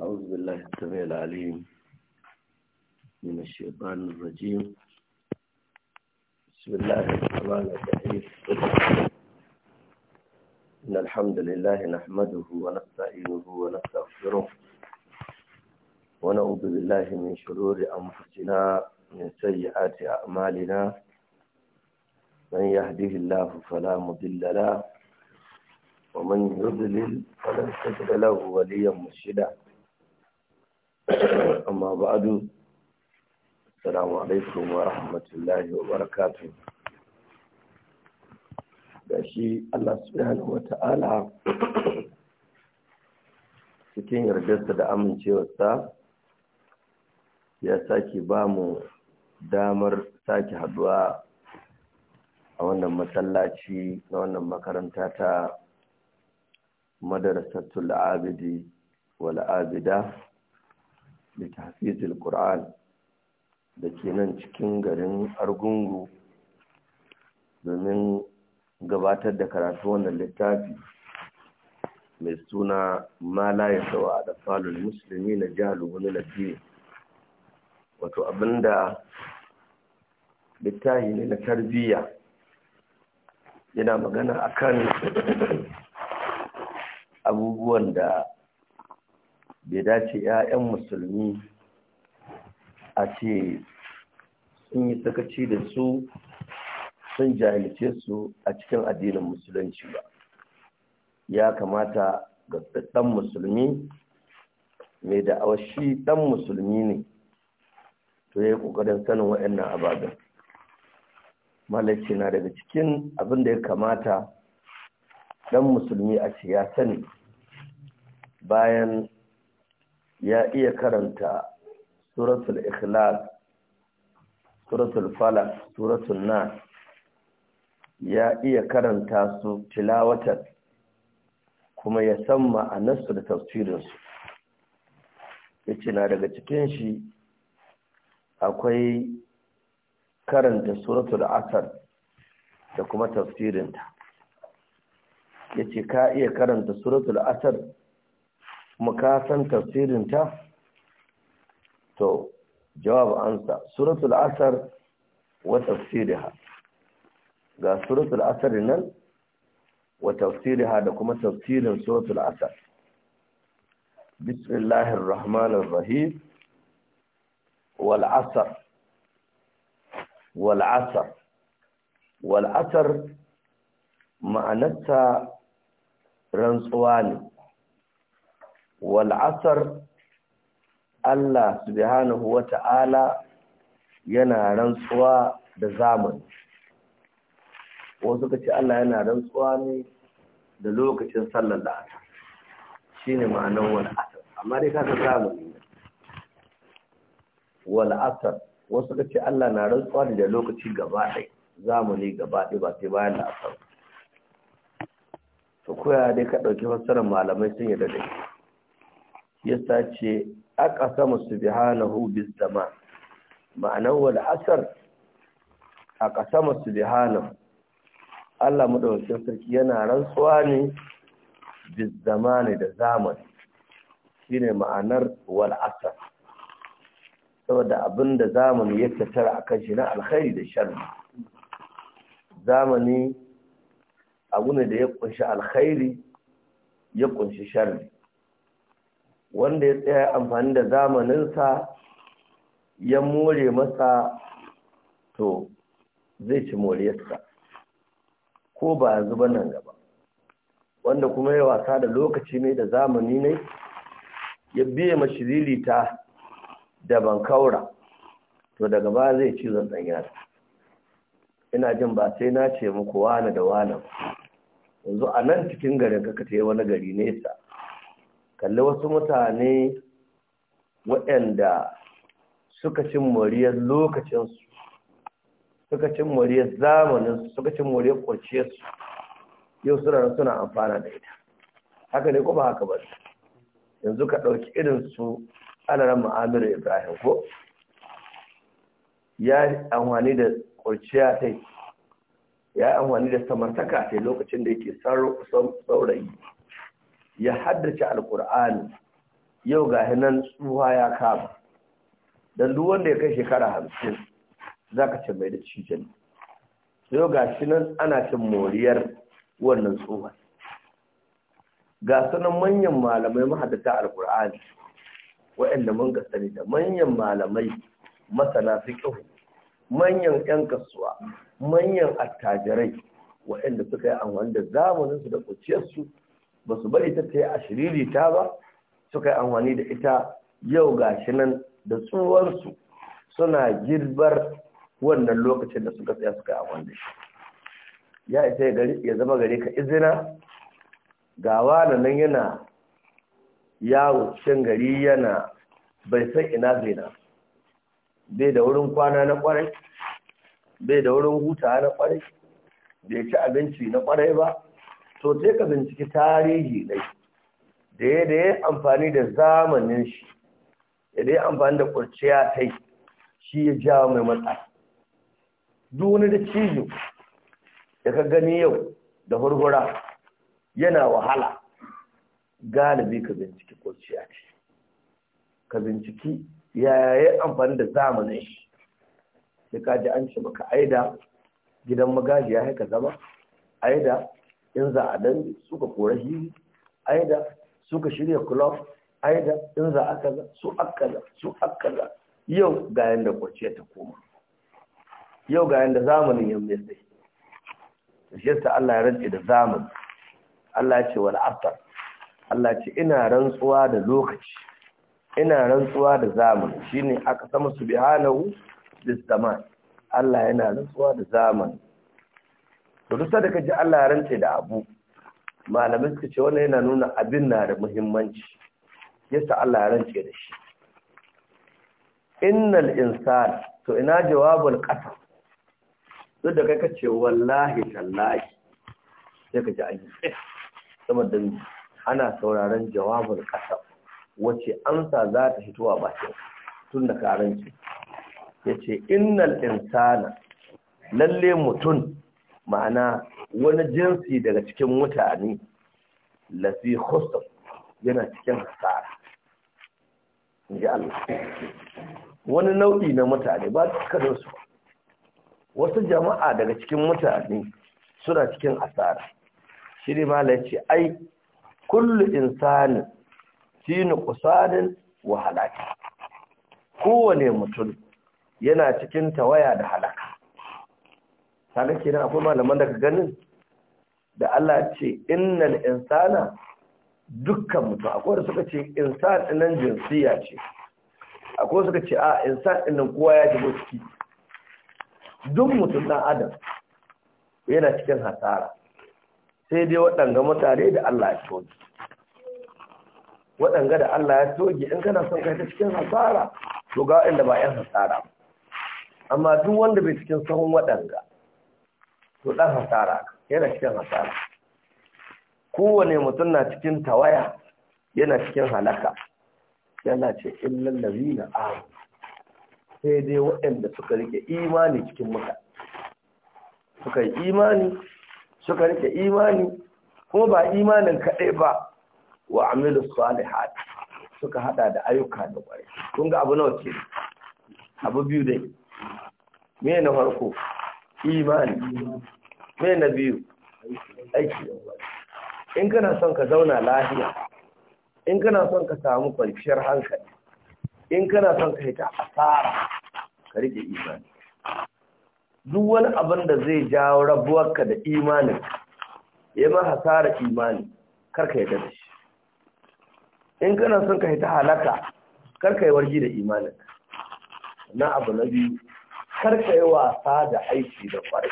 أعوذ بالله السميع العليم من الشيطان الرجيم بسم الله الرحمن الرحيم إن الحمد لله نحمده ونستعينه ونستغفره ونعوذ بالله من شرور أنفسنا من سيئات أعمالنا من يهده الله فلا مضل له ومن يضلل فلن تجد له وليا مرشدا salamu alaikum wa rahmatullahi wa الله da shi Allah subhanahu wata'ala cikin yardarsa da amincewarsa ya sake ba mu damar sake haduwa a wannan masallaci na wannan makaranta ta madarasatul abidi wa abida da tafizil da ke nan cikin garin argungu domin gabatar da karatu wannan littafi mai suna mala ya sawa da falon musulmi na jihar wani lafiya wato abinda littafi ne na tarbiyya yana magana akan abubuwan da bai dace 'ya'yan musulmi a ce sun yi sakaci da su sun jahilce su a cikin addinin musulunci ba ya kamata ga ɗan musulmi mai da awashi ɗan musulmi ne to ya yi ƙoƙarin sanin waɗannan ababen Malachi na daga cikin abin da ya kamata ɗan musulmi a ce ya sani bayan ya iya karanta suratul ikhlas suratul fala suratul nas ya iya karanta su tilawatar kuma ya san ma'anarsu da tafsirinsu ya ce na daga cikin shi akwai karanta suratul asar da kuma tafsirinta ya ce ka iya karanta suratul asar kuma ka san tafsirin ta to jawab ansa suratul asr wa tafsiriha ga suratul asr nan wa tafsiriha da kuma tafsirin suratul asr bismillahir rahmanir rahim wal asr wal asr wal asr ma'anarta rantsuwa ne wal asr Allah subhanahu wata'ala yana rantsuwa da zamani wasu ka ce Allah yana rantsuwa ne da lokacin sallar da asar shi ne ma'anan wal asar amma dai kasa zamani ne wal asar wasu ka ce Allah na rantsuwa da lokaci gaba ɗai zamani gaba ɗai ba sai bayan da asar Ko ya dai ka ɗauki fassarar malamai sun yi da dai sace ce aqsama subhanahu bis sama ma'anar wal asr aqsama subhanahu Allah madaukakin sarki yana rantsuwa ne bis zamani da zamani shine ma'anar wal asar saboda abinda zamani ya tattara kan shi na alkhairi da sharri zamani abu ne da ya kunshi alkhairi ya kunshi sharri wanda ya tsaya amfani da zamaninsa ya more masa to zai ci moriyarsa ko ba a zuba nan gaba wanda kuma ya wasa da lokaci ne da zamani ne ya biya mashirilita da kaura to daga ba zai ci zan yara ina jin ba sai na ce muku wane da wane yanzu a nan cikin garin kaka ta wani gari nesa kalli wasu mutane waɗanda suka cin moriyar lokacinsu suka cin moriyar zamaninsu suka cin moriyar kwanciyarsu yau suna suna amfana da ita haka ne kuma haka ba yanzu ka ɗauki irinsu alaran ma'amira ibrahim ko ya yi amfani da kwanciya ta ya yi amfani da samantaka ta lokacin da yake saurayi ya haddace alkur'ani yau ga hinan tsuwa ya kama don duk ya kai shekara hamsin za ka ce mai da cijin yau ga shi nan ana cin moriyar wannan tsuwa ga sunan manyan malamai mahadata alkur'ani wa'anda mun ga sani da manyan malamai masana kyau manyan 'yan kasuwa manyan attajirai waɗanda suka yi amfani da zamaninsu da kuciyarsu ba su bari ta tsaye a shiriri ta ba suka yi amfani da ita yau ga shi nan da tsuwarsu suna girbar wannan lokacin da suka tsaye suka yi amfani da shi ya isa ya zama gare ka izina ga wani nan yana yawo cikin gari yana bai san ina zina bai da wurin kwana na kwarai bai da wurin hutawa na kwarai bai ci abinci na kwarai ba to sai ka binciki tarihi dai da ya da amfani da zamanin shi ya da ya amfani da kurciya ta shi ya jawo mai matsala duni da cizo da ka gani yau da hurhura yana wahala galibi ka binciki kurciya ce ka binciki yaya amfani da zamanin shi da kaji ji an ce maka aida gidan magaji ya haika zama aida in za a dambe suka kora hiri aida suka shirya club aida in za a kaza su akaza su akaza yau ga yanda kwace ta koma yau ga yanda zamanin yan mai sai shi ta Allah ya rantsi da zamani Allah ya ce wal asr Allah ce ina rantsuwa da lokaci ina rantsuwa da zamani shine aka sama subhanahu bis zaman Allah yana rantsuwa da zamani to duk da kaji Allah ya rance da abu malamin suka ce wannan yana nuna abin na da muhimmanci yasa Allah rance da shi innal insan to ina jawabul qasam duk da kai ka ce wallahi tallahi sai ka ji an yi saboda ana sauraron jawabul qasam wace amsa za ta fito a ce tun da karanci yace innal insana lalle mutum ma'ana wani jinsi daga cikin mutane lafi khusr yana cikin hasara inji Allah wani nau'i na mutane ba dukkanin su wasu jama'a daga cikin mutane suna cikin asara shi ne ya ce ai kullu insani fi kusanin wa kowane mutum yana cikin tawaya da halaka kaga kenan akwai malaman daga ganin da Allah ce innal insana dukkan mutum akwai da suka ce insan ɗinnan jinsiya ce akwai suka ce a insan ɗinnan kowa ya shigo ciki duk mutum ɗan adam yana cikin hasara sai dai waɗanga mutane da Allah ya toge waɗanga da Allah ya toge in kana son kai ta cikin hasara to ga waɗanda ba 'yan hasara amma duk wanda bai cikin sahun waɗanga to dan hasara yana cikin hasara kowane mutum na cikin tawaya yana cikin halaka yana ce illal ladina amanu sai dai waɗanda suka rike imani cikin muka suka yi imani suka rike imani kuma ba imanin kaɗai ba wa amilu salihat suka hada da ayyuka da ƙwarai kun ga abu nawa ce abu biyu dai me na farko imani mai na biyu aiki in kana son ka zauna lafiya in kana son ka samu kwanciyar hankali in kana son ka hita asara ka rike imani duk wani abin da zai jawo rabuwarka da imanin ya ma hasara imani karka yi da shi in kana son ka hita halaka karka yi wargi da imanin na abu na biyu karka yi wasa da aiki da kwarai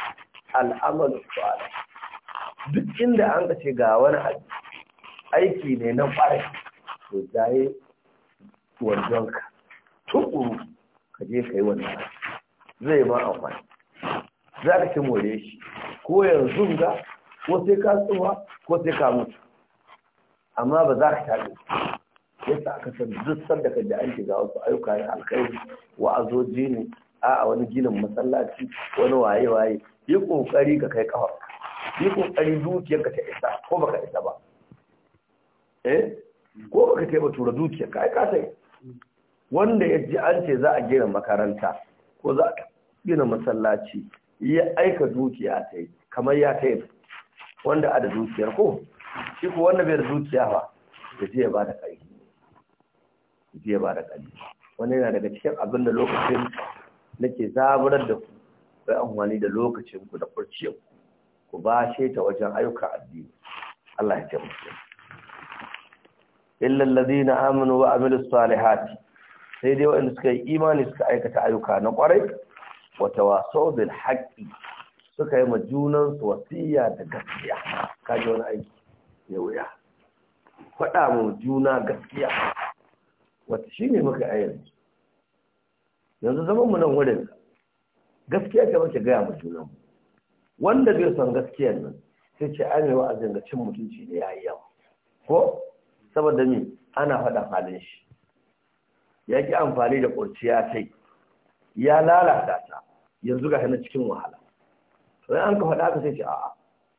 al'amalu kwarai duk inda an ka ce ga wani aiki ne na kwarai to jaye wandonka tukuru ka je ka yi wannan zai ma amfani za ka ce more shi ko yanzu ga ko sai ka tsuwa ko sai ka mutu amma ba za ka tabi yasa aka san duk sanda ka ji an shiga wasu ayyuka ne alkhairi wa'azoji ne a wani ginin masallaci wani waye-waye yi kokari ka kai kawar yi kokari dukiyarka ta isa ko baka isa ba eh ko baka kai ba tura dukiyarka ai ka sai wanda ya ji an ce za a gina makaranta ko za a gina masallaci ya aika dukiya ta yi kamar ya ta yi wanda a da dukiyar ko shi ko wanda bai da dukiya ba ya je ya ba da ƙarfi ya je ya ba da ƙarfi wani yana daga cikin abin da lokacin nake zaburar da ku kai amfani da lokacin ku da furciyar ku ku bashe ta wajen ayyukan addini Allah ya taimake illa alladhina amanu wa amilus salihati sai dai waɗanda suka yi imani suka aikata ayyuka na kwarai, wata waso bil haƙƙi suka yi su wasiya da gaskiya kaji wani aiki ya wuya faɗa mu juna gaskiya wata shi ne muka ayyana yanzu zaman mu nan wurin gaskiya ta muke gaya mu junan wanda bai san gaskiyar nan sai ce ai wa azin ga cin mutunci da yayi yawa ko saboda ni ana faɗa halin shi ya ki amfani da kurciya sai ya lalata ta yanzu ga hana cikin wahala to an ka faɗa ka sai ce a'a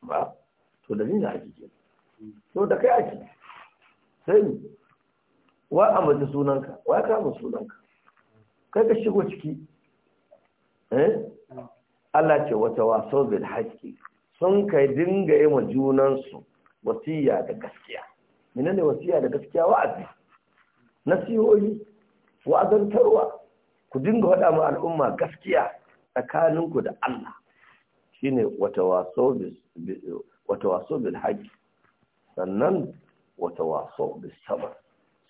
ba to da ni na ake ke to da kai ake sai wa a sunanka wa ka mu sunanka kai ka shigo ciki eh Allah ce wata wasau bil haqqi sun kai dinga yi ma junansu wasiya da gaskiya menene wasiya da gaskiya wa'azi nasihohi wa'azantarwa ku dinga faɗa ma al'umma gaskiya tsakaninku da Allah shine wata wasau wata wasau bil haqqi sannan wata wasau bis sabr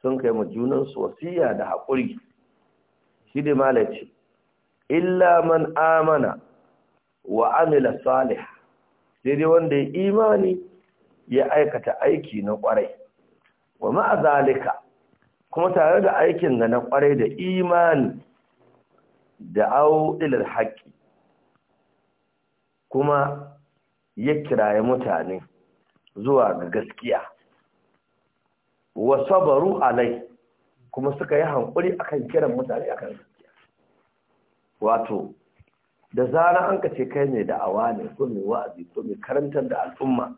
sun kai ma junansu wasiya da haƙuri shi da malaci illa man amana wa amila salih sai dai wanda ya imani ya aikata aiki na kwarai wa ma'azalika, zalika kuma tare da aikin ga na kwarai da imani da au ilal haƙƙi kuma ya kiraye mutane zuwa ga gaskiya wa sabaru alai kuma suka yi hankuri akan kiran mutane akan gaskiya wato da zara an ka ce kai mai da'awa ne ko mai wa'azi ko mai karantar da al'umma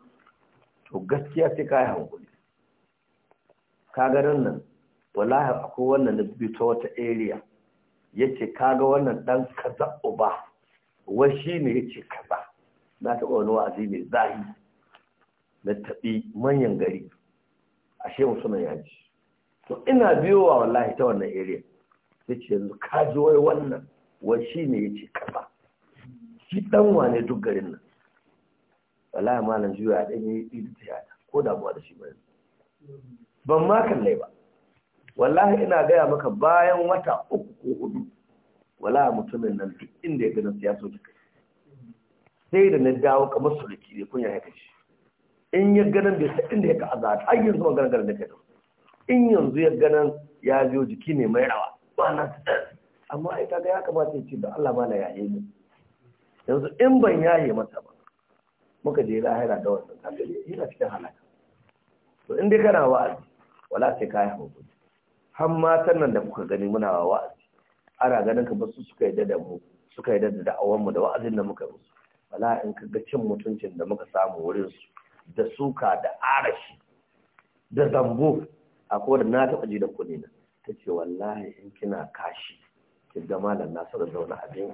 to gaskiya sai ka yi hankuri ka ganin nan wallahi akwai wannan da bi ta wata area yace kaga wannan dan kaza uba wai shine yace kaza na taɓa wani wa'azi mai zahi na taɓi manyan gari ashe musulman yaji to ina biyo wa wallahi ta wannan area sai ce yanzu ka ji wai wannan wai shi ne ya ce kaza shi dan wane duk garin nan wallahi malam juya ya dan yi idu ta yata ko damuwa da shi ba ban ma kalle ba wallahi ina gaya maka bayan wata uku ko hudu wallahi mutumin nan duk inda ya gani ya so kai sai da na dawo kamar suruki ne kun ya haka shi in ya ganin bai sa inda ya ka azata ai yanzu magana garin da kai da in yanzu ya ganin ya zo jiki ne mai rawa ba na amma ai kaga ya kamata ya ce da Allah ma na yaye ni yanzu in ban yaye mata ba muka je lahira da wannan kaga yana cikin halaka to in dai kana wa'azi wala sai kai hakuri har matan nan da kuka gani muna wa wa'azi ana ganin ka basu suka yi da mu suka yi da da'awar mu da wa'azin da muka musu wala in ka ga cin mutuncin da muka samu wurin su da suka da arashi da zambo a da na taɓa ji da kuɗi na ta ce wallahi in kina kashi ki ga malam zauna a abin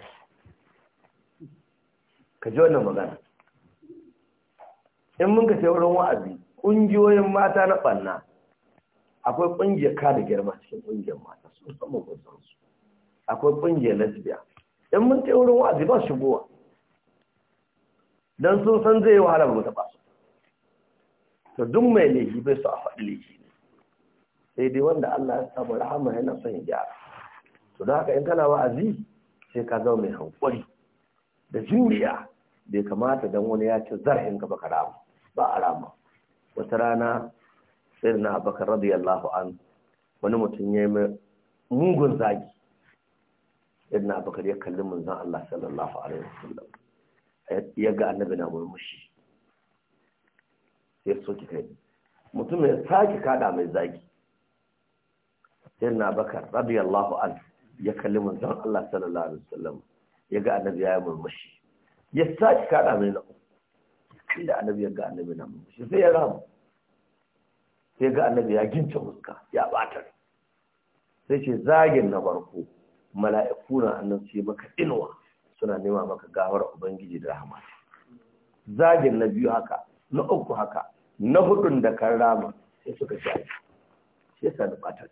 ka ji wannan magana in mun ka ce wurin wa'azi ƙungiyoyin mata na ɓanna akwai ƙungiyar ka da girma cikin ƙungiyar mata sun saman kusan su akwai ƙungiyar lesbiya in mun ce wurin wa'azi ba shigowa don sun san zai yi wahala ba ta su to duk mai laifi bai su a faɗi laifi sai dai wanda Allah ya samu rahama yana son ya gyara to da haka in kana wa'azi sai ka zama mai hankali. da juriya bai kamata dan wani ya ce zarhin ka baka rama ba a rama wata rana sai na abakar radiyallahu an wani mutum ya yi mugun zagi idan abakar ya kalli munzan Allah sallallahu alaihi wasallam ya ga annabi na murmushi sai soki kai mutum ya sake kada mai zagi sayyidina bakar radiyallahu anhu ya kalli manzon Allah sallallahu alaihi wasallam ya ga annabi ya murmushi ya saki kada mai na Inda annabi ya ga annabi na murmushi sai ya ramu sai ga annabi ya ginta huska ya batar sai ce zagin na barko mala'iku na annabi sai maka inuwa suna nema maka gawar ubangiji da rahama zagin na biyu haka na uku haka na hudun da kan rama sai suka ci shi yasa da batar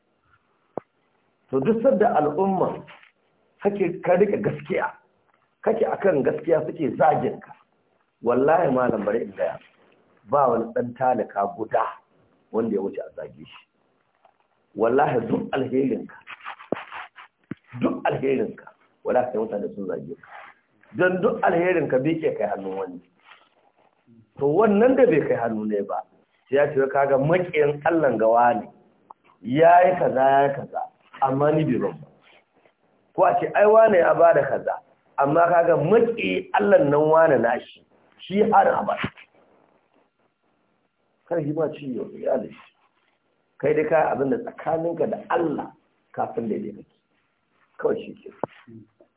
to duk sadda al'umma kake ka rika gaskiya kake akan gaskiya suke zagin ka wallahi malam bare in gaya ba wani dan talaka guda wanda ya wuce a zage shi wallahi duk alherin ka duk alherin ka wallahi sai mutane sun zage ka dan duk alherin ka bai kai hannun wani to wannan da bai kai hannu ne ba sai ya ce kaga makiyin Allah gawa ne yayi kaza yayi kaza amma ni bai ba ko a ce ai wane ya bada kaza amma kaga maki Allah nan wane nashi shi har abad kar shi ba ci yo ya da shi kai dai ka abin da tsakaninka da Allah kafin da yake kawai shi ke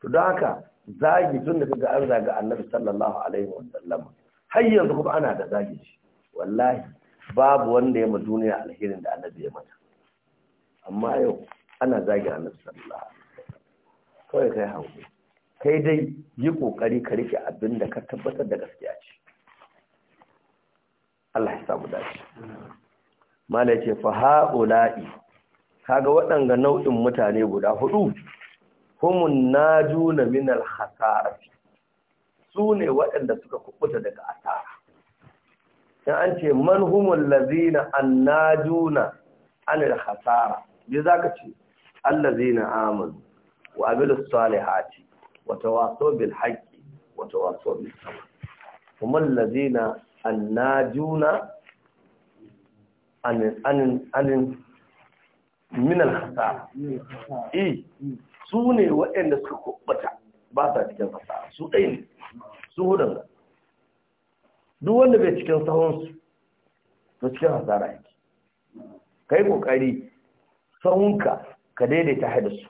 to don haka zagi tun da kaga an zaga Annabi sallallahu alaihi wa sallam har yanzu kuma ana da zagi shi wallahi babu wanda ya ma duniya alherin da Annabi ya mata amma yau ana zagi a kawai kai hankali kai dai yi kokari ka rike abin da ka tabbatar da gaskiya ce Allah ya samu dace mala ce fa haula'i kaga waɗanga nau'in mutane guda hudu humun najuna min al hasarati su ne waɗanda suka kubuta daga asara in an ce man humul lazina annajuna hasara. Me za zaka ce allazina amanu wa amilus salihati wa tawasaw bil haqqi wa tawasaw bis sabr kuma allazina annajuna anin anin anin min al khasara eh su waɗanda suka kubbata ba sa cikin khasara su ɗaya ne su hudun duk wanda bai cikin sahunsu to cikin hasara yake kai kokari sahunka ka daidaita haɗa su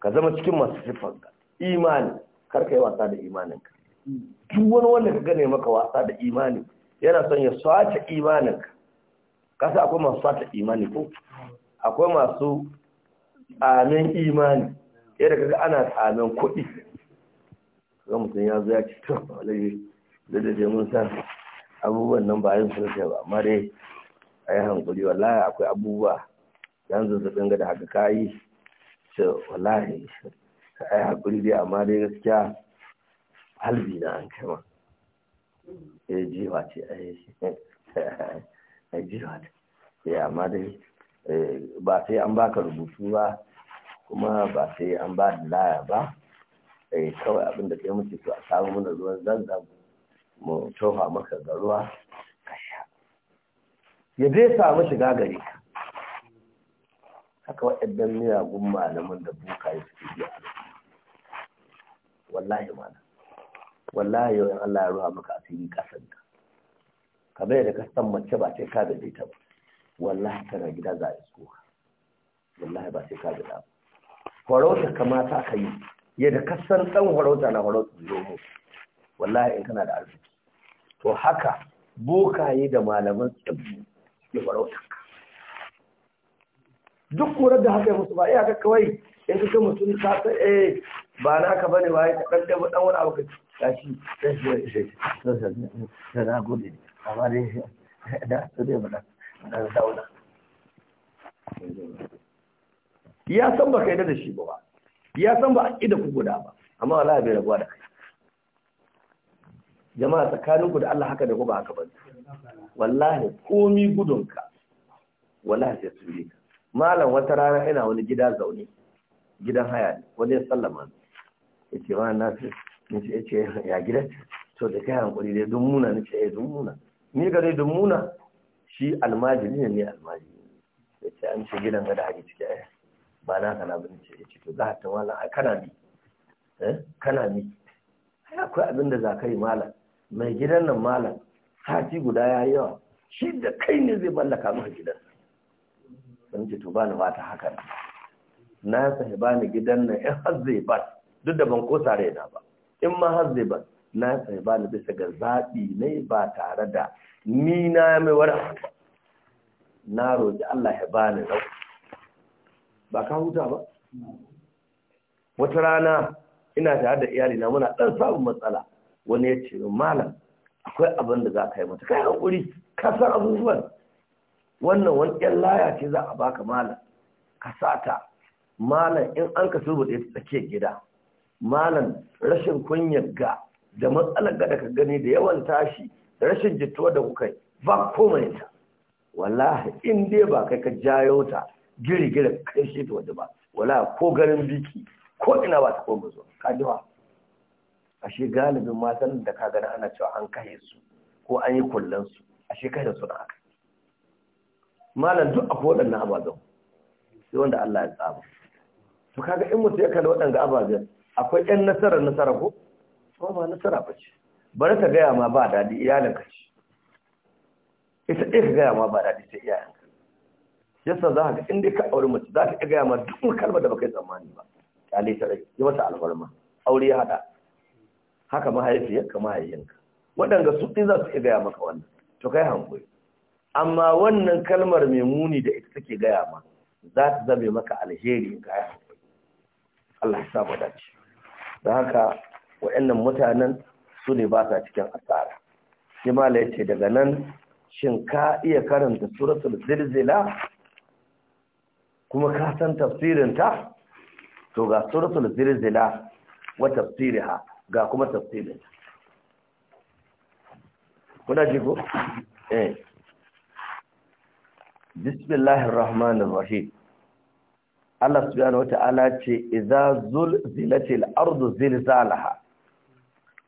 ka zama cikin masu siffar imani karka yi wasa da imaninka duk wani wanda ka gane maka wasa da imani yana son ya sace imaninka kasa akwai masu sace imani ko akwai masu tsamen imani yadda ga ana tsamen kuɗi ga mutum ya zo ya ci to alaji da da je mun san abubuwan nan ba yin sulke ba amma dai a yi hankuli wallahi akwai abubuwa dan su ga da haka kayi ce wallahi ai hakuri dai amma dai gaskiya halbi na an kai ma eh jiwa ce yi eh, eh, jiwa ce Ya eh, amma dai ba sai an baka rubutu ba kuma ba sai an ba da laya ba eh kawai abin da kai muke so a samu mana ruwan zanzan mu tofa maka ga ruwa ka sha ya dai samu shiga gare ka haka waɗannan miyagun malaman da bukaye suke biya wallahi mana wallahi yau in Allah ya ruwa maka a asiri kasan ka bai da ka san mace ba sai ka da ta ba wallahi kana gida za a isko ka wallahi ba sai ka da ba farauta kamata ka yi yadda ka san ɗan farauta na farauta zomo wallahi in kana da arziki to haka bokaye da malaman tsibbi suke farautar ka duk kurar da haka musu ba iya ka kawai in ka mutum ka ta eh ba na ka bane ba ka dan da dan wani abu ka tashi sai sai sai sai na gode amma dai da su dai ba da ya san ba kai da shi ba ya san ba a da ku guda ba amma Allah bai rabuwa da kai jama'a tsakaninku da Allah haka da ku ba haka ba wallahi komi gudunka wallahi sai su yi ka malam wata rana ina wani gida zaune gidan haya ne wani sallama ya ce ma na fi ya ce ya gida to da kai hankuri dai dummuna na ce ya muna ni eh, dun muna shi almajiri ne ne almajiri ya ce an ce gidan gada haji ciki ai eh. ba na kana bin ce ya ce to za ta malam a kana ni eh kana ni ai akwai abin da za ka yi malam mai gidan nan malam sati guda ya yawa shi da kai ne zai mallaka maka gidan sun ce to bani ni mata haka na sahi bani gidan nan in har zai ba duk da ban kosa raina ba in ma har zai ba na sahi ba ni bisa ga zaɓi ne ba tare da ni na mai wara na roƙi Allah ya bani ni ba ka huta ba wata rana ina tare da iyali na muna ɗan samun matsala wani ya ce malam akwai abin da za ka yi mata kai hakuri, ka san abubuwan wannan wani ƴan laya ce za a baka malam ka sata malam in an ka da ta tsake gida malam rashin kunyar ga da matsalar ga da ka gani da yawan tashi rashin jituwa da kuka ba komai ta wallahi in dai ba kai ka jayo ta girgira kai shi ta waje ba wallahi ko garin biki ko ina ba ta koma zuwa ka ji a ashe galibin matan da ka gani ana cewa an kahe su ko an yi kullansu ashe kai da su na aka malam duk akwai waɗannan ababen sai wanda Allah ya tsaba to kaga in mutum ya kalli waɗanda ababen akwai ƴan nasarar nasara ko ko ba nasara ba ce bari ta gaya ma ba daɗi iyalinka ce ita ɗaya ka gaya ma ba daɗi sai iyayenka yasa za ka in dai ka aure mace za ta gaya ma duk kalmar da baka tsammani ba kyale ta rai yi masa alfarma aure ya haɗa haka mahaifiyarka mahaifinka waɗanda su ɗin za su iya gaya maka wannan to kai hankali amma wannan kalmar mai muni da ita take gaya ma za ta zame maka alheri ga ya Allah ya samu dace da haka waɗannan mutanen su ne ba sa cikin asara shi mala ya ce daga nan shin ka iya karanta suratul zilzila kuma ka san tafsirinta to ga suratul zilzila wa tafsiriha ga kuma tafsirinta kuna ji ko eh bismillahir rahmanir rahim Allah subhanahu wata'ala ce idza zulzilatil ardu zilzalaha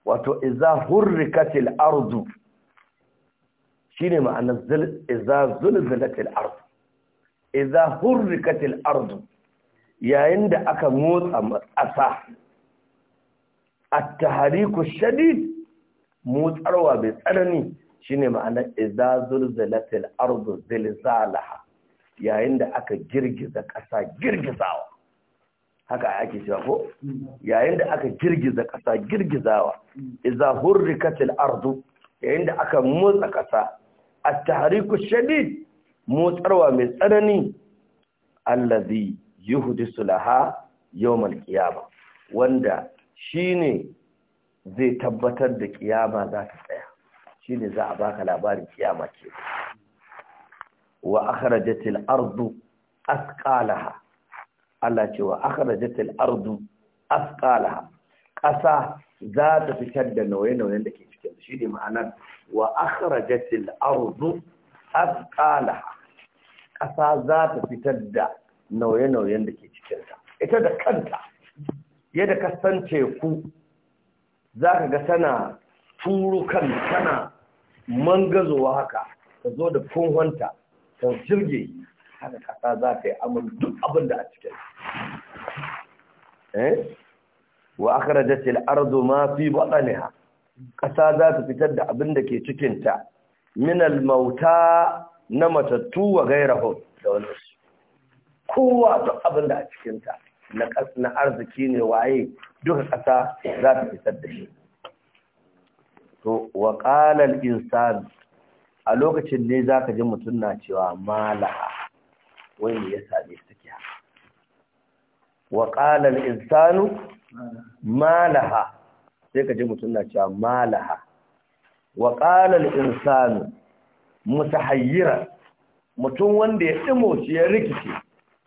wato idza hurrikatil ardu shine ma'anar idza zulzilatil ardu idza hurrikatil ardu yayin da aka motsa matsasa at-tahriku shadid motsarwa bai tsanani ne ma'ana iza zulzilatil ardu zilzalaha yayin da aka girgiza ƙasa girgizawa haka ake cewa ko yayin da aka girgiza ƙasa girgizawa iza hurrikatil ardu yayin da aka motsa ƙasa at-tahriku shadid motsarwa mai tsanani allazi yuhdisu laha yawmal qiyamah wanda shine zai tabbatar da kiyama za ta tsaya ne za a baka labarin kiyama ke wa akhrajatil ardu asqalaha Allah ce wa akhrajatil ardu asqalaha ƙasa za ta fitar da nauye-nauyen da ke cikin shi ne ma'anar wa akhrajatil ardu asqalaha ƙasa za ta fitar da nauye-nauyen da ke cikin ta ita da kanta yadda ka san teku za ka ga tana turu kan tana man gazowa haka ta zo da funhonta ta jirge haka kasa za ta yi amin duk abin da a cikin eh? wa akhrajat al-ardu ma fi ha, kasa za ta fitar da abin da ke cikinta minal min mauta na matattu wa gairahu da wani kowa duk abin da a cikinta na arziki ne waye duka kasa za ta fitar da shi to wa qalal insan a lokacin ne zaka ji mutun na cewa malaha wai me yasa ne take haka wa qalal insanu malaha sai ka ji mutun na cewa malaha wa qalal insanu mutahayyira mutum wanda ya shi ya rikice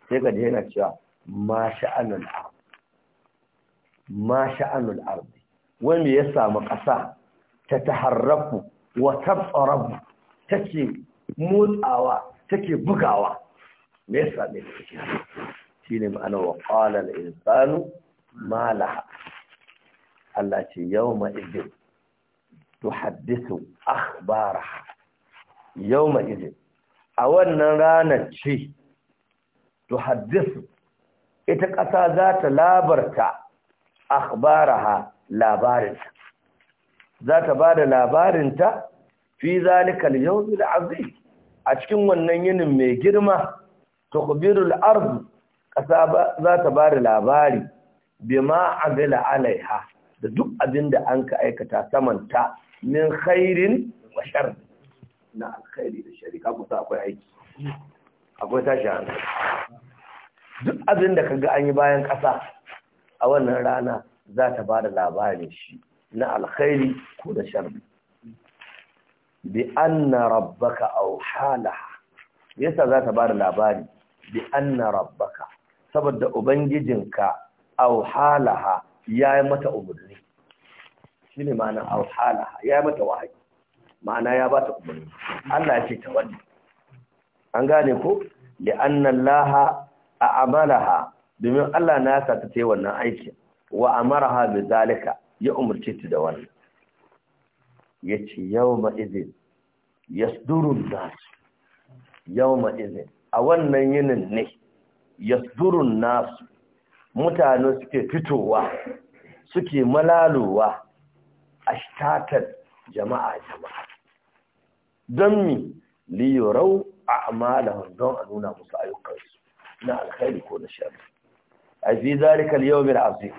sai ka ji yana cewa ma sha'anul ardi ma sha'anul wai me ya samu ƙasa ta taharraku wa tabtsarabu take motsawa take bugawa me yasa me take shine ma'ana wa qala al-insanu ma laha Allah ce yawma idin tuhaddisu akhbaraha yawma idin a wannan ranar ce tuhaddisu ita ƙasa za ta labarta akhbaraha labarinta za ta ba da labarinta fi zalikal yawmil azim a cikin wannan yinin mai girma tukbirul ard kasa za ta ba da labari bima amila alaiha da duk abin da an ka aikata samanta min khairin wa shar na alkhairi da shari ka kusa akwai aiki akwai tashi duk abin da kaga an yi bayan kasa a wannan rana za ta ba da labarin shi na alkhairi ko da sharri bi anna rabbaka aw halaha yasa za ta bada labari bi anna rabbaka saboda ubangijinka aw halaha yayi mata umurni ne ma'ana aw halaha yayi mata wahayi ma'ana ya bata umurni Allah ya ce ta wani an gane ko li anna allaha a'amalaha domin Allah na sa ta yi wannan aiki. wa amaraha bi zalika ya umarce ta da wannan ya ce yau ma'izin ya durun nasu yau ma'izin a wannan yinin ne ya na nasu mutane suke fitowa suke malalowa a shtatar jama'a jama'a don mi liyarau a amalahun don a nuna musu ayyukansu na alkhairi ko na shari'a a zai zarikal yau mai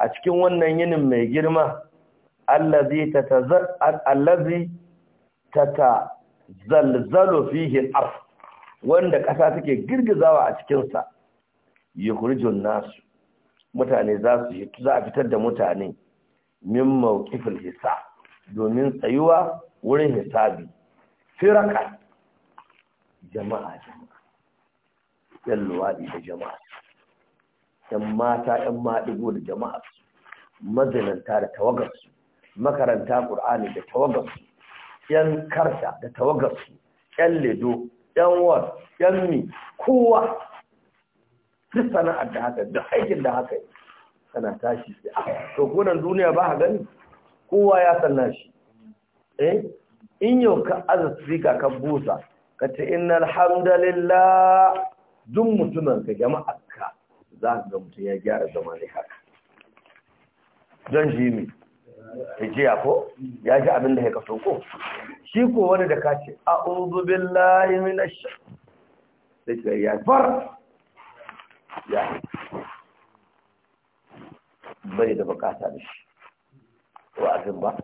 a cikin wannan yinin mai girma allazi ta tatazalzalu fihi al-ard wanda kasa take girgizawa a cikin sa yukhrijun nasu mutane za su za a fitar da mutane min mawqifil hisa domin tsayuwa wurin hisabi firaka jama'a jama'a yan luwaɗi da jama'a 'yan mata 'yan maɗigo da jama'a mazinanta da tawagarsu makaranta ƙur'ani da tawagarsu 'yan karta da tawagarsu 'yan ledo 'yan war 'yan mi kowa duk sana'ar da haka duk aikin da haka kana tashi sai a to kunan duniya ba gani kowa ya sanna shi eh in yau ka aza azasika ka busa ka ce innal alhamdulillah, duk mutumin ka jama'a ka za ka ga mutum ya gyara zama ne haka don shi ne hijiya ko ya ji abin da ya kaso ko shi ko wani da ka ce a unzubin layi na shi da ke ya far ya bai da bukata da shi wa'azin ba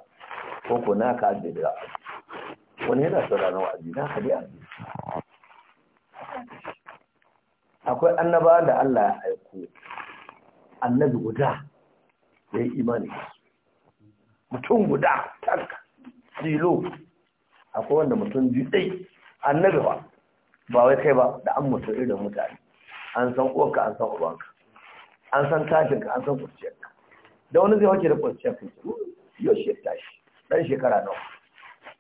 ko ko na ka ajiye da wani yana sauraron wa'azi na ka dai akwai annaba da Allah ya aiko annabi guda ya yi imani mutum guda tanka silo akwai wanda mutum jidai annabi ba ba wai kai ba da an mutu irin mutane an san uwanka an san uwanka an san tashinka an san kurciyarka da wani zai wace da kurciyarka yau shi tashi dan shekara nawa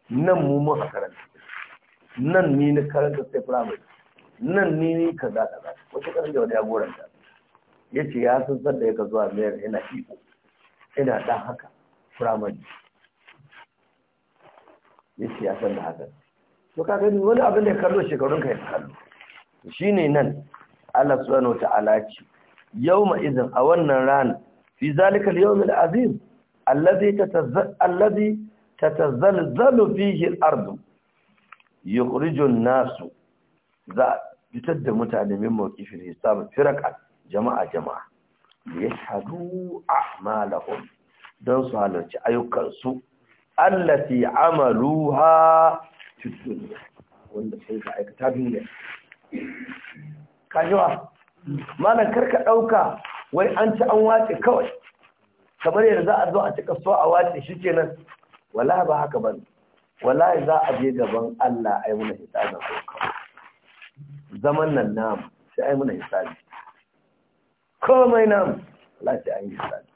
nan mu mun karanta nan ni na karanta sai primary nan ni ni kaza kaza wata ƙasar da wani ya goranta ya ce ya san san da ya ka zuwa mayar yana iko ina ɗan haka firamani ya ce ya san da haka to ka gani wani abin da ya kallo shekarun ka ya kallo shi ne nan Allah subhanahu ta ta'ala ce ma izin, a wannan rana fi zalika yau mil azim allazi ta ta tatazalzalu fihi al-ardu yukhriju nasu za a fitar da mutane min mawqifil samu firaka jama'a jama'a shaɗu a a'malahum don su halarci ayyukansu allati amalu ha dunya wanda sai ka aikata duniya kajiwa malam karka ɗauka wai an ci an wace kawai kamar yadda za a zo a cika so a wace shikenan wala ba haka ne. Wala za a je gaban Allah ai na hisabin zaman nan nam sai ai muna hisabi komai nam Allah sai an yi hisabi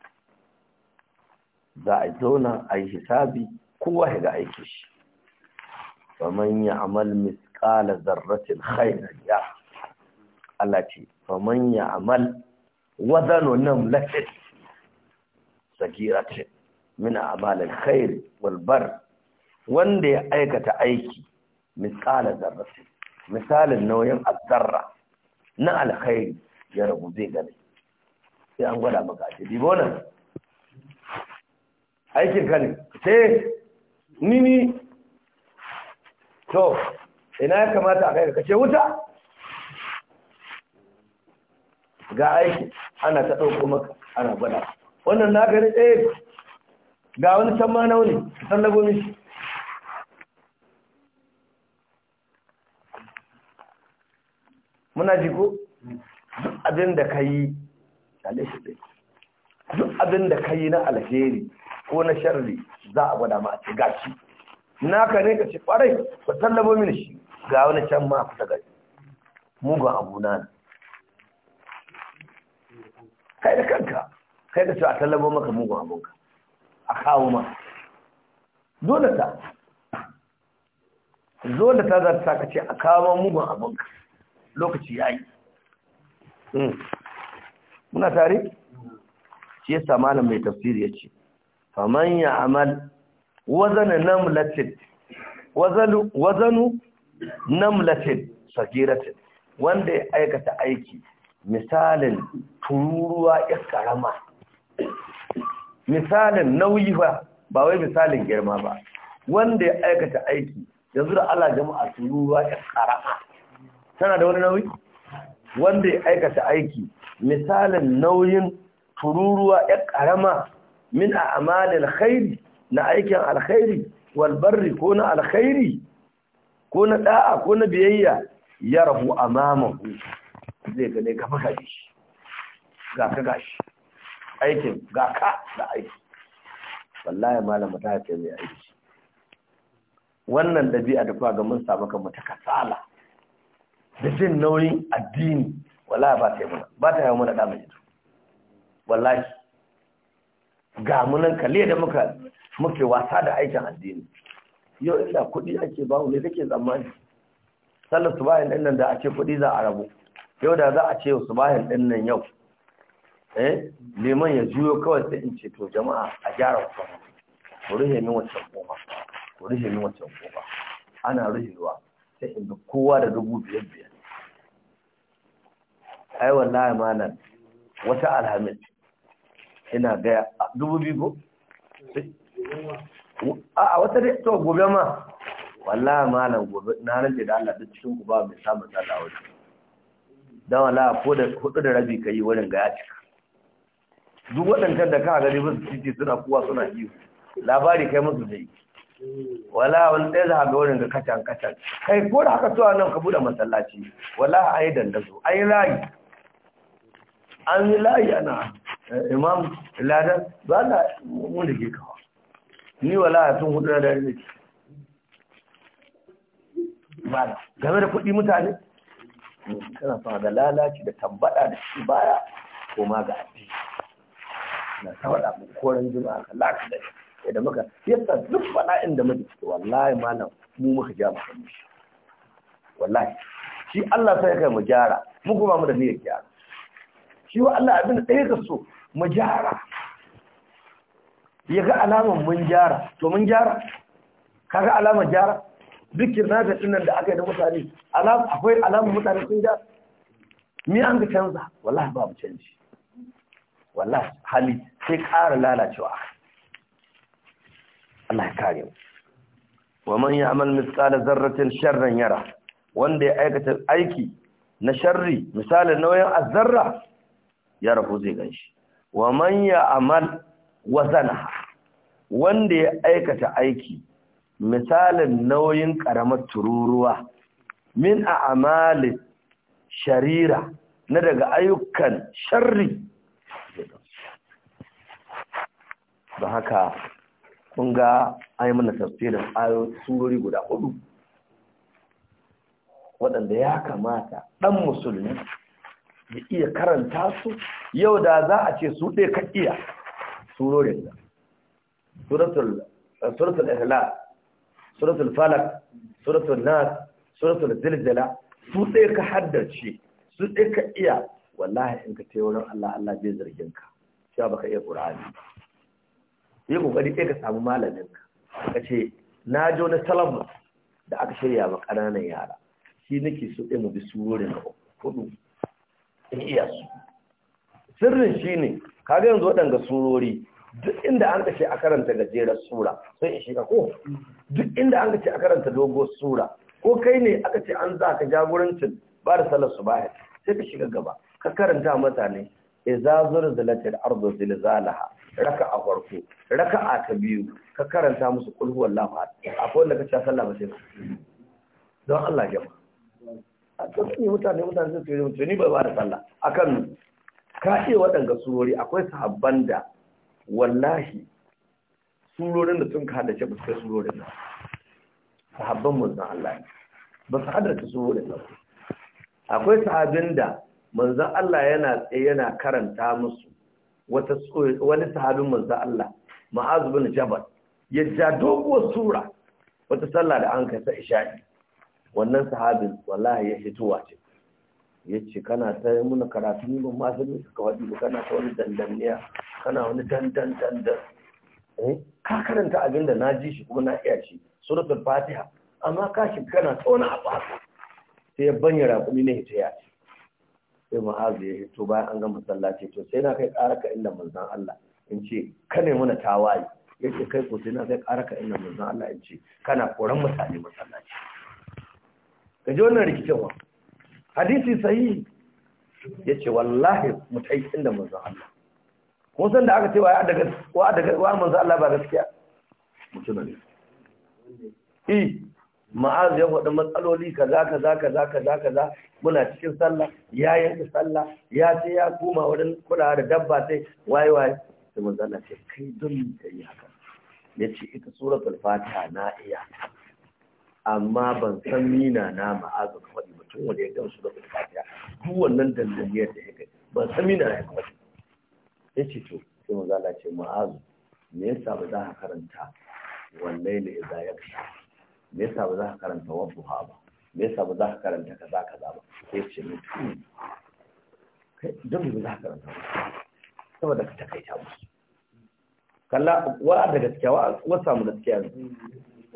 za a zauna a yi hisabi kowa ya ga aiki shi faman ya amal misqala zarratin khairan ya Allah ce faman ya amal wadano nam lakin sagiratin min amalin khair wal bar wanda ya aikata aiki misqala zarratin misalin nauyin azzarra na alkhairi ya rabu zai gane sai an gwada maka a cikin bonan aikin ka ne sai nini to ina ya kamata a kai ka ce wuta ga aiki ana ta ɗauko maka ana gwada wannan na gani ɗaya eh, ga wani can ma nauni san lagomi kuna ji ko duk abin da ka yi duk abin da ka yi na alheri ko na sharri za a gwada ma a ce gashi ka ne ka ce kwarai ka tallabo mini shi ga wani can ma kusa gari mugun abu na ne kai da kanka kai da ce a tallabo maka mugun abunka a kawo ma dole ta dole ta za ta ce a kawo mugun abunka lokaci ya yi hmm. muna tare shi yasa malam mai tafsiri ya ce faman ya amal wazanu wazana latin. wazanu namlatin sagiratin wanda ya aikata aiki misalin tururuwa ya karama misalin nauyi ba ba wai misalin girma ba wanda ya aikata aiki yanzu da ala jama'a tururuwa ya karama tana da wani nauyi wanda ya aikata aiki misalin nauyin tururuwa ya karama min a amalin khairi na aikin alkhairi walbarri ko na alkhairi ko na da'a ko na biyayya ya rahu amaman zai gane kafa faka ga ka gashi aikin ga ka da aiki wallahi malama ta ce mai aiki wannan dabi'a da kwa ga mun samu kan mata kasala da jin nauyin addini wallahi ba ta yi muna ba ta yi muna mai jito wallahi ga munan kalle da muka muke wasa da aikin addini yau inda kuɗi ake ba ne take tsammani sallar subahin ɗin nan da a ce kuɗi za a rabu yau da za a ce subahin ɗin nan yau eh liman ya juyo kawai sai in ce to jama'a a gyara wasu ku rufe min wancan koma ku rufe min wancan koma ana rufe sai in kowa da dubu biyar biyar ai wallahi nan, wata alhamis ina gaya dubu biyu ko a wata dai to gobe ma wallahi malam gobe na rage da Allah duk cikin ku ba mai samu tsada wajen dan wallahi ko da hudu da rabi kai wurin ga ya cika duk waɗancan da ka gari ba su titi suna kuwa suna yi labari kai musu dai wala wani ɗaya za a ga wurin ga kacan kacan kai ko da haka tuwa nan ka buɗe masallaci wala a yi dandazo a yi layi an yi layi ana eh, imam ladan ba na wanda ke kawo ni wala sun hudu na dare ne ba da game da kuɗi mutane kana fama da lalaci da tambada da shi baya ko ma ga addini na tawada mu koran juma'a ka lafi da shi da muka yasa duk fada inda muke ciki wallahi malam mu muka ja mu wallahi shi Allah sai kai mu gyara mu kuma mu da niyyar gyara shi wa Allah abin ɗaya ka so mu gyara ya ga alaman mun gyara to mun gyara ka ga alamar gyara dukkan naga ga da aka yi da mutane akwai alamar mutane sun gyara mi an ga canza wallahi babu canji wallahi hali sai ƙara lalacewa Allah ya kare mu wa man ya'mal mithqala zarratin sharran yara wanda ya aikata aiki na sharri misalin nauyin azzarra ya rafu zai ganshi wa man ya amal wazana wanda ya aikata aiki misalin nauyin karamar tururuwa min a sharira na daga ayyukan sharri don haka kun ga an yi mana tafsirin ayo surori guda hudu waɗanda ya kamata ɗan musulmi ya iya karanta su yau da za a ce su ɗaya ka iya surorin da suratul ihlas eh, suratul falak suratul nas suratul zilzala su ɗaya ka haddace su ɗaya ka iya wallahi in ka ce wurin Allah Allah zai zargin ka cewa baka iya Qur'ani yi kokari ɗaya ka samu malamin ka ka ce na jo na salamu da aka shirya ma ƙananan yara shi nake so ɗaya mu bi surorin ko in iya su sirrin shi ne kaga yanzu waɗanda surori duk inda an kace a karanta gajerar sura sai in shiga ko duk inda an kace a karanta dogon sura ko kai ne aka ce an za ka jagorancin ba da salar su baya sai ka shiga gaba ka karanta mutane iza zulzilatil ardu zilzalaha raka a farko raka a ta biyu ka karanta musu kulhu wallahu akwai wanda ka ci sallah ba sai don Allah jama'a a tsakiyar mutane mutane sun tsere mutane bai ba da sallah akan ka iya waɗanga surori akwai sahabban da wallahi surorin da sun kada ce ba su kai surorin nan sahabban manzan Allah ne ba su hadarta surorin nan akwai sahabin da manzan Allah yana tsaye yana karanta musu wata wani sahabin manzan Allah ma'azubin Jabal ya ja doguwar sura wata sallah da an kai ta isha'i wannan sahabin wallahi ya fito ce ya ce kana ta muna karatu ni masu ne suka waɗi ba kana ta wani dandamniya kana wani dandan dandan eh, ka karanta abin da na ji shi kuma na iya shi suratul fatiha amma ka shi kana tsona a haka sai ya banya raƙumi ne ta yaci sai ma'azu ya hito bayan an ga masallaci to sai na kai ka inda manzan Allah in ce ka ne muna tawaye ya ce kai ko sai na kai ka inda manzan Allah in ce kana koran mutane masallaci ka ji wannan rikicewa hadisi sahihi ya ce wallahi mutai inda manzan Allah Kuma san da aka ce wa daga wa manzan Allah ba gaskiya mutuna ne eh ma'az ya faɗi matsaloli kaza kaza kaza kaza kaza muna cikin sallah ya yanka sallah ya ce ya koma wurin kula da dabba sai waye waye sai manzan Allah ce kai don ka yi haka ya ce ita suratul fatiha na iya amma ban san nina na ma'azin faɗi mutum wanda ya gamsu da kuma fatiha duk wannan dandaniyar da ya gani ban san nina na ya faɗi ya ce to sai mu zala ce ma'azu me yasa ba za ka karanta wallai da idza yaksha me yasa ba za ka karanta wadduha ba me yasa ba za ka karanta kaza kaza ba sai ce mutum kai don ba za ka karanta ba saboda ka takaita musu kalla wa da gaskiya wa samu gaskiya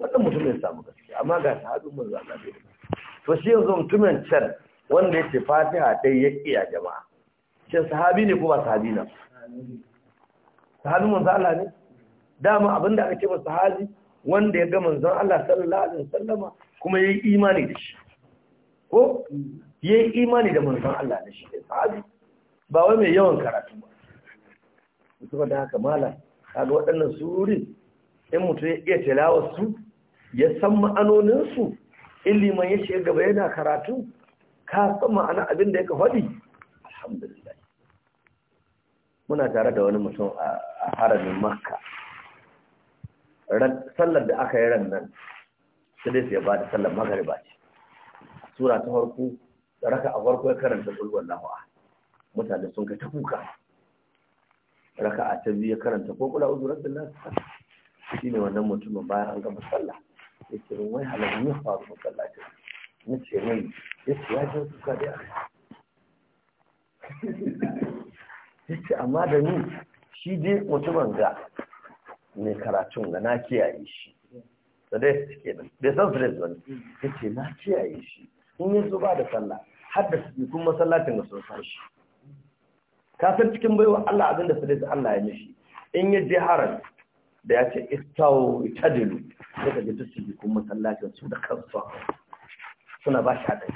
wannan mutumin samu gaskiya amma ga sahabin manzo Allah bai to shi yanzu mutumin can wanda yake Fatiha dai ya iya jama'a shin sahabi ne ko ba sahabi na sahabin manzo Allah ne dama abinda ake ba sahabi wanda ya ga manzon Allah sallallahu alaihi wasallama kuma yayi imani da shi ko yayi imani da manzon Allah da shi sahabi ba wai mai yawan karatu ba saboda haka malam kaga waɗannan surin in mutum ya iya tilawar su ya san ma'anoninsu iliman ya shiga gaba yana karatu ka san ma'ana abin da ya ka faɗi alhamdulillah muna tare da wani mutum a haramin makka sallar da aka yi ran nan sai dai ya ba da sallar magariba ce sura ta farko raka a farko ya karanta kulwar mutane sun ka ta kuka raka a ta biyu ya karanta ko kula uzu da shi ne wannan mutumin bayan an gama sallah ya ce wai halar ya faru masallacin na ce mai ya ce ya ji kuka da yara ya ce amma da ni shi dai mutumin ga mai karatun ga na kiyaye shi da dai su ke nan bai san stress ba ne ya ce na kiyaye shi in yi zuba da sallah har da su kun masallacin da sun san shi ka san cikin baiwa Allah abinda da su dai Allah ya mishi in ya je da ya ce istawo itadilu sai ka ji duk su jikin masallacin su da kansu suna ba shi haɗin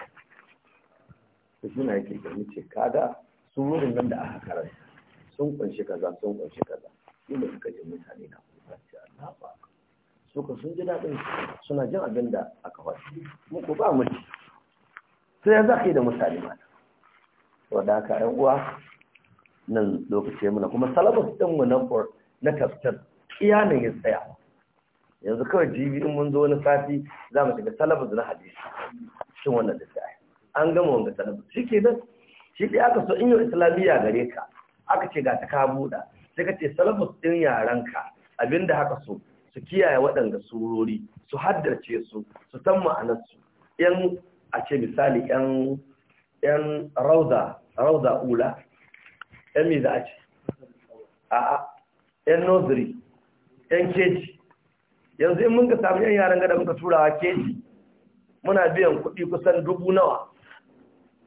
da suna yake gani ce kada su wurin nan da aka karanta sun kunshi kaza sun kunshi kaza inda suka ji mutane na kusa ce Allah ba suka sun ji daɗin suna jin abin da aka wasu muku ba mu ci sai ya zaka da mutane mata wadda aka ‘yan uwa nan lokaci muna kuma salabar ɗinmu na tafsir iya ya tsaya yanzu kawai jibi in mun zo wani sati za mu shiga salabar na hadisi cikin wannan lissafi an gama wanga salabar shi ke nan shi dai aka so in yau islamiyya gare ka aka ce ga ta ka buɗa sai ka ce salabar ɗin abin abinda haka so su kiyaye waɗanda surori su haddace su su san ma'anarsu yan a ce misali yan yan rauza rauza ula yan me za a ce a'a yan nozuri yan keji yanzu in mun ka samu yan yaran gada muka turawa keji muna biyan kuɗi kusan dubu nawa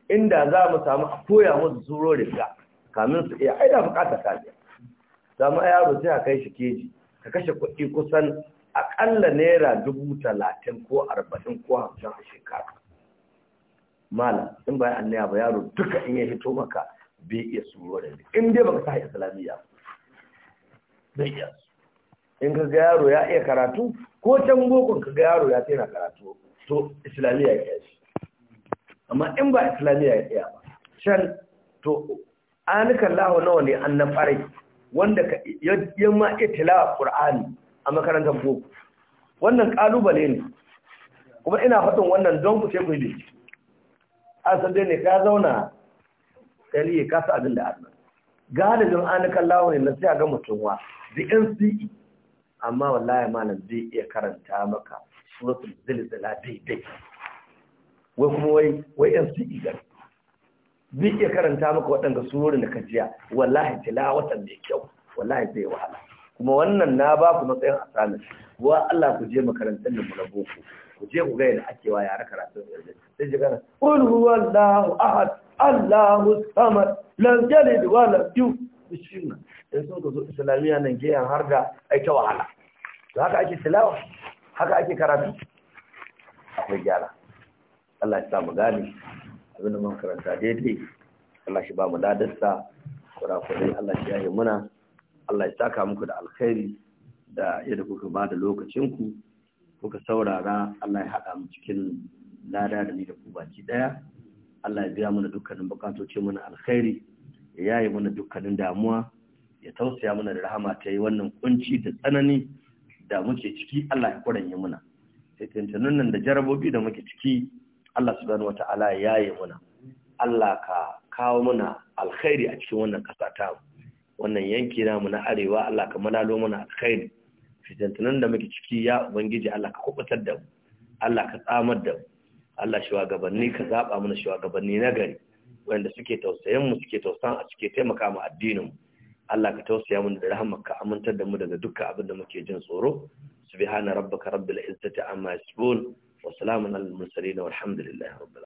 inda za mu samu a koya musu tsoro riga kamin su iya aida biya za mu aya sai a kai shi keji ka kashe kuɗi kusan aƙalla naira dubu talatin ko arba'in ko hamsin a shekara malam in ba annaya ba yaro duka in ya hito maka bai iya tsoro da in dai baka sa islamiyya bai iya in ka ga yaro ya iya karatu ko can bokon ka ga yaro ya tsina karatu to islamiyya ya iya shi amma in ba islamiyya ya iya ba can to an kallahu nawa ne an na farai wanda ya ma iya tilawa qur'ani a makarantar boko wannan kalubale ne kuma ina fatan wannan don ku ce ku yi an dai ne ka zauna kariye ka sa abin da arna galibin an kallahu ne na sai ga mutum wa the NCE amma wallahi malam zai iya karanta maka suratul zilzala daidai wai kuma wai wai yan su igar zai iya karanta maka waɗanda surorin da ka jiya wallahi tilawatan mai kyau wallahi zai wahala kuma wannan na ba ku matsayin asali wa Allah ku je makarantar da mu na boko ku je ku ga da ake wa yara karatun irgin sai ji kana qul huwallahu ahad allahus samad lam yalid wa lam yulad shi na sun ka zo islamiyya nan gehen har da aita wahala to haka ake tilawa haka ake karatu akwai gyara Allah ya sa mu gane abin da mun karanta daidai Allah shi ba mu ladarsa kurakurai Allah shi yaye muna Allah ya saka muku da alkhairi da yadda kuka ba da lokacinku kuka saurara Allah ya haɗa mu cikin lada da ni da ku baki ɗaya Allah ya biya mana dukkanin bukatoci mana alkhairi ya yi mana dukkanin damuwa ya tausaya mana da rahama ta yi wannan kunci da tsanani da muke ciki Allah ya kuranye muna sai tuntunan nan da jarabobi da muke ciki Allah subhanahu wata'ala ya yi muna Allah ka kawo muna alkhairi a cikin wannan kasa ta wannan yanki namu na arewa Allah ka malalo mana alkhairi fitantunan da muke ciki ya ubangiji Allah ka kubutar da mu Allah ka tsamar da mu Allah shugabanni ka zaba mana shugabanni na gari wanda suke tausayin mu suke tausan a suke taimaka mu addinin mu Allah ka tausaya mu da ka amintar da mu daga dukkan abin da muke jin tsoro subhana rabbika rabbil izzati amma yasifun wa salamun al mursalin walhamdulillahi rabbil